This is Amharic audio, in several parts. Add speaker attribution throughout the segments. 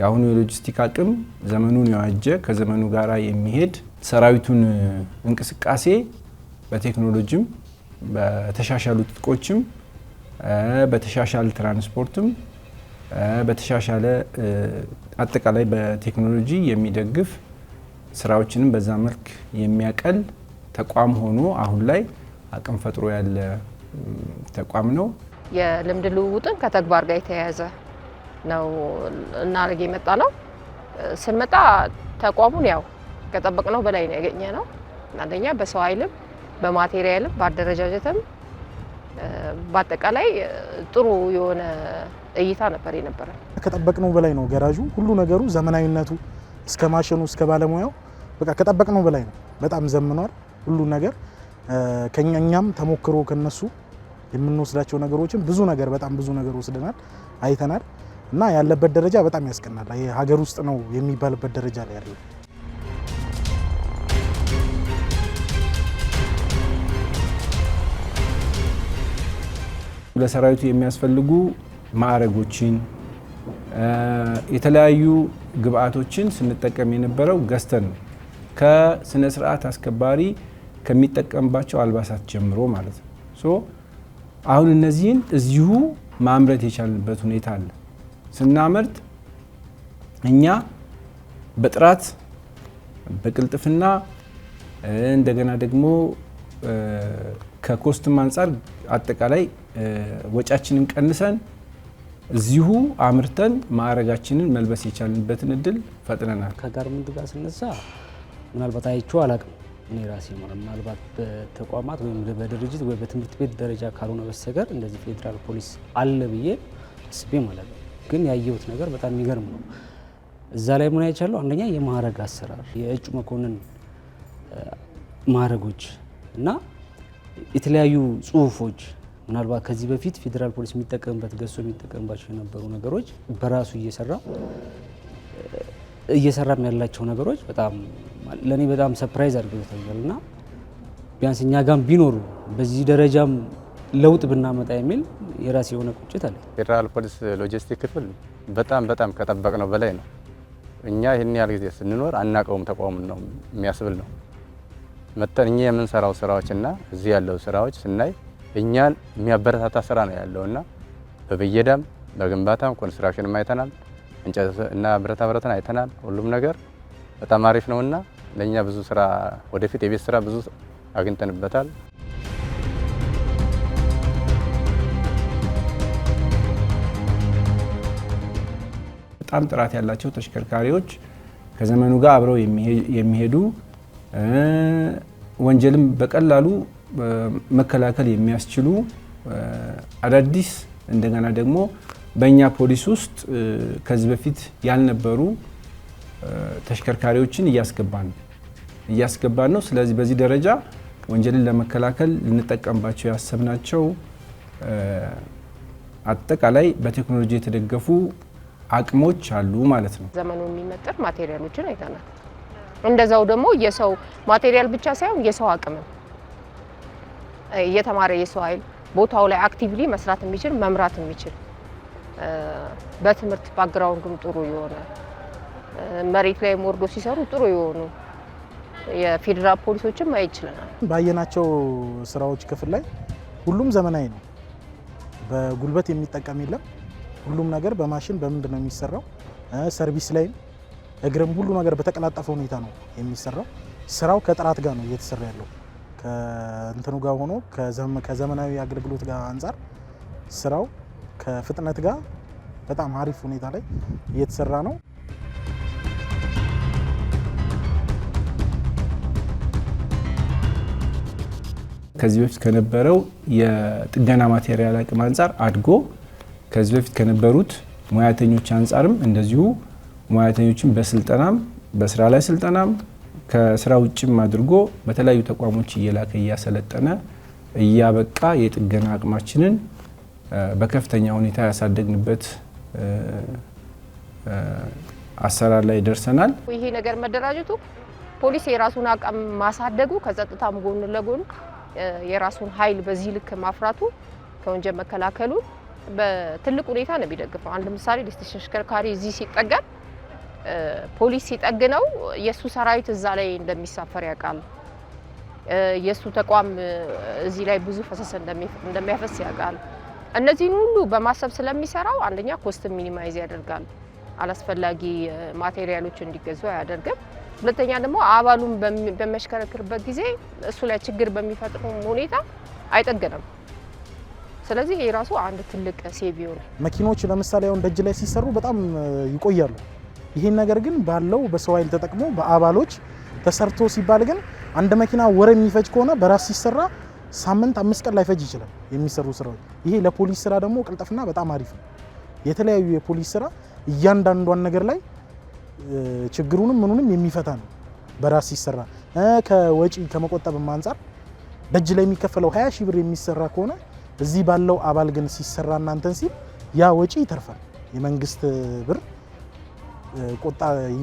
Speaker 1: የአሁኑ የሎጂስቲክ አቅም ዘመኑን የዋጀ ከዘመኑ ጋር የሚሄድ ሰራዊቱን እንቅስቃሴ በቴክኖሎጂም በተሻሻሉ ትጥቆችም በተሻሻለ ትራንስፖርትም በተሻሻለ አጠቃላይ በቴክኖሎጂ የሚደግፍ ስራዎችንም በዛ መልክ የሚያቀል ተቋም ሆኖ አሁን ላይ አቅም ፈጥሮ ያለ ተቋም ነው።
Speaker 2: የልምድ ልውውጥን ከተግባር ጋር የተያያዘ ነው እናደርግ የመጣ ነው። ስንመጣ ተቋሙን ያው ከጠበቅነው በላይ ነው ያገኘ ነው። አንደኛ በሰው ኃይልም በማቴሪያልም በአደረጃጀትም በአጠቃላይ ጥሩ የሆነ እይታ ነበር የነበረ።
Speaker 3: ከጠበቅነው በላይ ነው። ገራዡ ሁሉ ነገሩ ዘመናዊነቱ እስከ ማሽኑ እስከ ባለሙያው በቃ ከጠበቅነው በላይ ነው። በጣም ዘምኗል ሁሉ ነገር። ከኛም ተሞክሮ ከነሱ የምንወስዳቸው ነገሮችን ብዙ ነገር በጣም ብዙ ነገር ወስደናል፣ አይተናል። እና ያለበት ደረጃ በጣም ያስቀናል። ሀገር ውስጥ ነው የሚባልበት ደረጃ ላይ ያለው።
Speaker 1: ለሰራዊቱ የሚያስፈልጉ ማዕረጎችን የተለያዩ ግብአቶችን ስንጠቀም የነበረው ገዝተን ነው። ከስነ ስርዓት አስከባሪ ከሚጠቀምባቸው አልባሳት ጀምሮ ማለት ነው። አሁን እነዚህን እዚሁ ማምረት የቻልንበት ሁኔታ አለ። ስናመርት እኛ በጥራት በቅልጥፍና እንደገና ደግሞ ከኮስትም አንጻር አጠቃላይ ወጫችንን ቀንሰን እዚሁ አምርተን ማዕረጋችንን መልበስ የቻልንበትን እድል ፈጥነናል።
Speaker 4: ከጋርመንት ጋር ስነሳ ምናልባት አይቼው አላቅም እኔ ራሴ ምናልባት በተቋማት ወይም በድርጅት ወይ በትምህርት ቤት ደረጃ ካልሆነ በስተቀር እንደዚህ ፌዴራል ፖሊስ አለ ብዬ አስቤ ማለት ነው። ግን ያየሁት ነገር በጣም የሚገርም ነው። እዛ ላይ ምን አይቻለሁ? አንደኛ የማዕረግ አሰራር፣ የእጩ መኮንን ማዕረጎች እና የተለያዩ ጽሁፎች ምናልባት ከዚህ በፊት ፌዴራል ፖሊስ የሚጠቀምበት ገሶ የሚጠቀምባቸው የነበሩ ነገሮች በራሱ እየሰራ እየሰራም ያላቸው ነገሮች በጣም ለእኔ በጣም ሰፕራይዝ አድርገውታል እና ቢያንስ እኛ ጋም ቢኖሩ በዚህ ደረጃም ለውጥ ብናመጣ የሚል የራሴ የሆነ ቁጭት አለ።
Speaker 5: ፌዴራል ፖሊስ ሎጂስቲክ ክፍል በጣም በጣም ከጠበቅነው በላይ ነው። እኛ ይህን ያህል ጊዜ ስንኖር አናቀውም ተቋሙ ነው የሚያስብል ነው መጠን እኛ የምንሰራው ስራዎችና እዚህ ያለው ስራዎች ስናይ እኛን የሚያበረታታ ስራ ነው እና በብየዳም በግንባታም ኮንስትራክሽንም አይተናል፣ እንጨት እና ብረታ ብረትን አይተናል። ሁሉም ነገር በጣም አሪፍ እና ለእኛ ብዙ ስራ ወደፊት የቤት ስራ ብዙ አግኝተንበታል።
Speaker 1: በጣም ጥራት ያላቸው ተሽከርካሪዎች ከዘመኑ ጋር አብረው የሚሄዱ ወንጀልም በቀላሉ መከላከል የሚያስችሉ አዳዲስ እንደገና ደግሞ በእኛ ፖሊስ ውስጥ ከዚህ በፊት ያልነበሩ ተሽከርካሪዎችን እያስገባን እያስገባን ነው። ስለዚህ በዚህ ደረጃ ወንጀልን ለመከላከል ልንጠቀምባቸው ያሰብናቸው አጠቃላይ በቴክኖሎጂ የተደገፉ አቅሞች አሉ ማለት ነው።
Speaker 2: ዘመኑ የሚመጥር ማቴሪያሎችን አይተናል። እንደዛው ደግሞ የሰው ማቴሪያል ብቻ ሳይሆን የሰው አቅምም የተማረ የሰው ኃይል ቦታው ላይ አክቲቭሊ መስራት የሚችል መምራት የሚችል በትምህርት ባክግራውንድም ጥሩ የሆነ መሬት ላይ ወርዶ ሲሰሩ ጥሩ የሆኑ የፌዴራል ፖሊሶችን ማየት ችለናል።
Speaker 3: ባየናቸው ስራዎች ክፍል ላይ ሁሉም ዘመናዊ ነው። በጉልበት የሚጠቀም የለም። ሁሉም ነገር በማሽን በምንድን ነው የሚሰራው? ሰርቪስ ላይም እግርም ሁሉ ነገር በተቀላጠፈ ሁኔታ ነው የሚሰራው። ስራው ከጥራት ጋር ነው እየተሰራ ያለው ከእንትኑ ጋር ሆኖ ከዘመናዊ አገልግሎት ጋር አንጻር ስራው ከፍጥነት ጋር በጣም አሪፍ ሁኔታ ላይ እየተሰራ ነው።
Speaker 1: ከዚህ በፊት ከነበረው የጥገና ማቴሪያል አቅም አንጻር አድጎ ከዚህ በፊት ከነበሩት ሙያተኞች አንጻርም እንደዚሁ ሙያተኞችን በስልጠናም በስራ ላይ ስልጠናም ከስራ ውጭም አድርጎ በተለያዩ ተቋሞች እየላከ እያሰለጠነ እያበቃ የጥገና አቅማችንን በከፍተኛ ሁኔታ ያሳደግንበት አሰራር ላይ ደርሰናል።
Speaker 2: ይሄ ነገር መደራጀቱ ፖሊስ የራሱን አቅም ማሳደጉ ከጸጥታም ጎን ለጎን የራሱን ኃይል በዚህ ልክ ማፍራቱ ከወንጀል መከላከሉ በትልቅ ሁኔታ ነው የሚደግፈው። አንድ ምሳሌ ሌስ ተሽከርካሪ እዚህ ሲጠገን ፖሊስ ሲጠግነው የእሱ ሰራዊት እዛ ላይ እንደሚሳፈር ያውቃል። የእሱ ተቋም እዚህ ላይ ብዙ ፈሰስ እንደሚያፈስ ያውቃል። እነዚህን ሁሉ በማሰብ ስለሚሰራው አንደኛ ኮስት ሚኒማይዝ ያደርጋል። አላስፈላጊ ማቴሪያሎች እንዲገዙ አያደርግም። ሁለተኛ ደግሞ አባሉን በሚያሽከረክርበት ጊዜ እሱ ላይ ችግር በሚፈጥሩ ሁኔታ አይጠገንም። ስለዚህ ይሄ ራሱ አንድ ትልቅ ሴቪ ነው።
Speaker 3: መኪኖች ለምሳሌ አሁን ደጅ ላይ ሲሰሩ በጣም ይቆያሉ። ይህን ነገር ግን ባለው በሰው ኃይል ተጠቅሞ በአባሎች ተሰርቶ ሲባል ግን አንድ መኪና ወር የሚፈጅ ከሆነ በራስ ሲሰራ ሳምንት አምስት ቀን ላይፈጅ ይችላል የሚሰሩ ስራዎች። ይሄ ለፖሊስ ስራ ደግሞ ቅልጥፍና በጣም አሪፍ ነው። የተለያዩ የፖሊስ ስራ እያንዳንዷን ነገር ላይ ችግሩንም ምኑንም የሚፈታ ነው በራስ ሲሰራ። ከወጪ ከመቆጠብም አንጻር ደጅ ላይ የሚከፈለው 20 ሺህ ብር የሚሰራ ከሆነ እዚህ ባለው አባል ግን ሲሰራ እናንተን ሲል ያ ወጪ ይተርፋል። የመንግስት ብር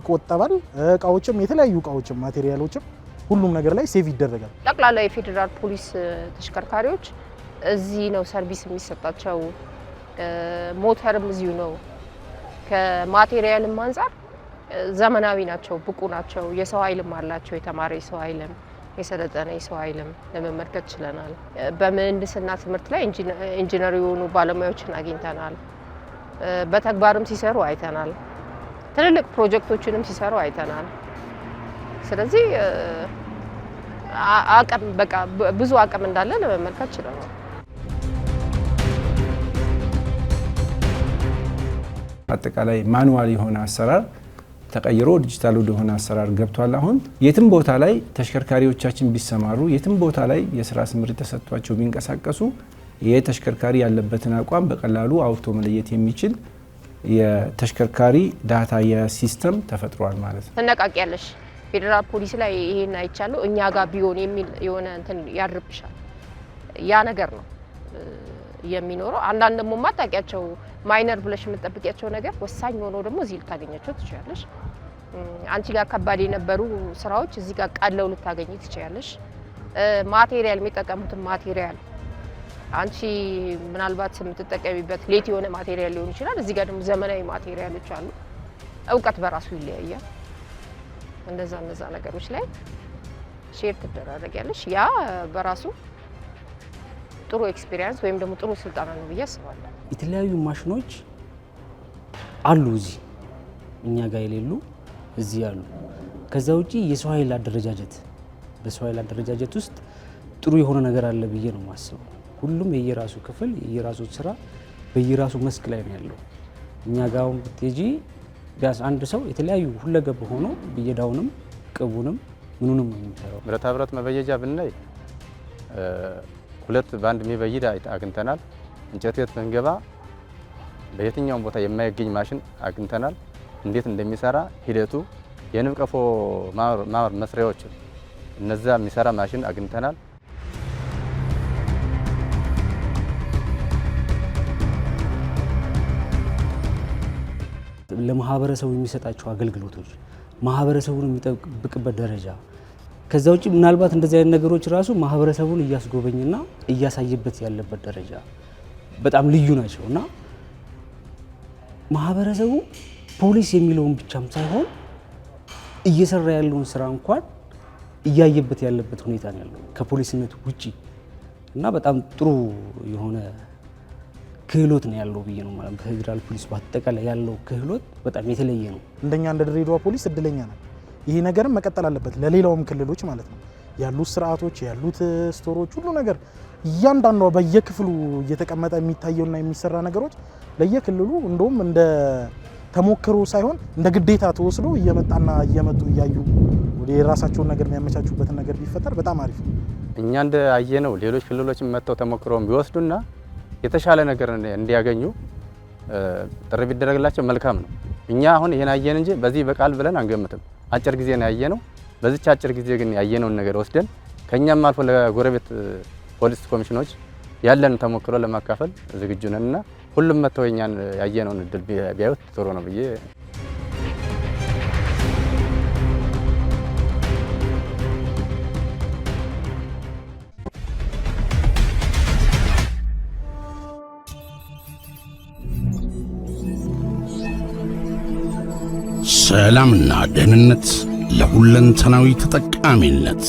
Speaker 3: ይቆጠባል። እቃዎችም የተለያዩ እቃዎችም ማቴሪያሎችም ሁሉም ነገር ላይ ሴቭ ይደረጋል።
Speaker 2: ጠቅላላ የፌዴራል ፖሊስ ተሽከርካሪዎች እዚህ ነው ሰርቪስ የሚሰጣቸው፣ ሞተርም እዚሁ ነው። ከማቴሪያልም አንጻር ዘመናዊ ናቸው፣ ብቁ ናቸው። የሰው ኃይልም አላቸው፣ የተማረ የሰው ኃይልም የሰለጠነ የሰው ኃይልም ለመመልከት ችለናል። በምህንድስና ትምህርት ላይ ኢንጂነር የሆኑ ባለሙያዎችን አግኝተናል። በተግባርም ሲሰሩ አይተናል። ትልልቅ ፕሮጀክቶችንም ሲሰሩ አይተናል። ስለዚህ አቅም በቃ ብዙ አቅም እንዳለ ለመመልከት ችለናል።
Speaker 1: አጠቃላይ ማኑዋል የሆነ አሰራር ተቀይሮ ዲጂታል ወደሆነ አሰራር ገብቷል። አሁን የትም ቦታ ላይ ተሽከርካሪዎቻችን ቢሰማሩ፣ የትም ቦታ ላይ የስራ ስምሪት ተሰጥቷቸው ቢንቀሳቀሱ ይሄ ተሽከርካሪ ያለበትን አቋም በቀላሉ አውቶ መለየት የሚችል የተሽከርካሪ ዳታ የሲስተም ተፈጥሯል ማለት
Speaker 2: ነው። ያለሽ ፌዴራል ፖሊስ ላይ ይሄን አይቻለሁ እኛ ጋር ቢሆን የሚል የሆነ እንትን ያድርብሻል። ያ ነገር ነው የሚኖረው። አንዳንድ ደግሞ ማታውቂያቸው ማይነር ብለሽ የምጠብቂያቸው ነገር ወሳኝ ሆኖ ደግሞ እዚህ ልታገኛቸው ትችላለሽ። አንቺ ጋር ከባድ የነበሩ ስራዎች እዚህ ጋር ቀለው ልታገኝ ትችላለሽ። ማቴሪያል የሚጠቀሙትን ማቴሪያል አንቺ ምናልባት የምትጠቀሚበት ሌት የሆነ ማቴሪያል ሊሆን ይችላል። እዚህ ጋር ደግሞ ዘመናዊ ማቴሪያሎች አሉ። እውቀት በራሱ ይለያያል። እንደዛ እነዛ ነገሮች ላይ ሼር ትደራረጊያለሽ ያ በራሱ ጥሩ ኤክስፒሪየንስ ወይም ደግሞ ጥሩ ስልጠና ነው ብዬ አስባለሁ።
Speaker 4: የተለያዩ ማሽኖች አሉ እዚህ እኛ ጋር የሌሉ እዚህ አሉ። ከዛ ውጪ የሰው ኃይል አደረጃጀት በሰው ኃይል አደረጃጀት ውስጥ ጥሩ የሆነ ነገር አለ ብዬ ነው የማስበው። ሁሉም የየራሱ ክፍል የየራሱ ስራ በየራሱ መስክ ላይ ነው ያለው። እኛ ጋር አሁን ብትሄጂ ቢያንስ አንድ ሰው የተለያዩ ሁለገብ ሆኖ ብየዳውንም ቅቡንም ምኑንም ነው የሚሰራው።
Speaker 5: ብረታ ብረት መበየጃ ብናይ ሁለት በአንድ የሚበይድ አግኝተናል። እንጨት ቤት ብንገባ በየትኛውም ቦታ የማይገኝ ማሽን አግኝተናል። እንዴት እንደሚሰራ ሂደቱ የንብ ቀፎ ማር መስሪያዎች እነዛ የሚሰራ ማሽን አግኝተናል።
Speaker 4: ለማህበረሰቡ የሚሰጣቸው አገልግሎቶች ማህበረሰቡን የሚጠብቅበት ደረጃ ከዛ ውጭ ምናልባት እንደዚህ አይነት ነገሮች ራሱ ማህበረሰቡን እያስጎበኝና እያሳየበት ያለበት ደረጃ በጣም ልዩ ናቸው እና ማህበረሰቡ ፖሊስ የሚለውን ብቻም ሳይሆን እየሰራ ያለውን ስራ እንኳን እያየበት ያለበት ሁኔታ ነው ያለው ከፖሊስነት ውጪ እና በጣም ጥሩ የሆነ ክህሎት ነው ያለው ብዬ ነው ማለት። በፌዴራል ፖሊስ በአጠቃላይ ያለው ክህሎት በጣም የተለየ ነው።
Speaker 3: እንደኛ እንደ ድሬዳዋ ፖሊስ እድለኛ ነው። ይሄ ነገርም መቀጠል አለበት፣ ለሌላውም ክልሎች ማለት ነው። ያሉት ስርዓቶች፣ ያሉት ስቶሮች፣ ሁሉ ነገር እያንዳንዷ በየክፍሉ እየተቀመጠ የሚታየውና የሚሰራ ነገሮች ለየክልሉ እንደውም እንደ ተሞክሮ ሳይሆን እንደ ግዴታ ተወስዶ እየመጣና እየመጡ እያዩ የራሳቸውን ነገር የሚያመቻቹበትን ነገር ቢፈጠር በጣም አሪፍ ነው።
Speaker 5: እኛ እንደ ነው ሌሎች ክልሎችን መጥተው ተሞክረውን ቢወስዱና የተሻለ ነገር እንዲያገኙ ጥሪ ቢደረግላቸው መልካም ነው። እኛ አሁን ይሄን አየን እንጂ በዚህ በቃል ብለን አንገምትም። አጭር ጊዜ ነው ያየነው። በዚች አጭር ጊዜ ግን ያየነውን ነገር ወስደን ከእኛም አልፎ ለጎረቤት ፖሊስ ኮሚሽኖች ያለን ተሞክሮ ለማካፈል ዝግጁ ነን እና ሁሉም መጥተው እኛን ያየነውን እድል ቢያዩት ጥሩ ነው ብዬ ሰላምና ደህንነት ለሁለንተናዊ ተጠቃሚነት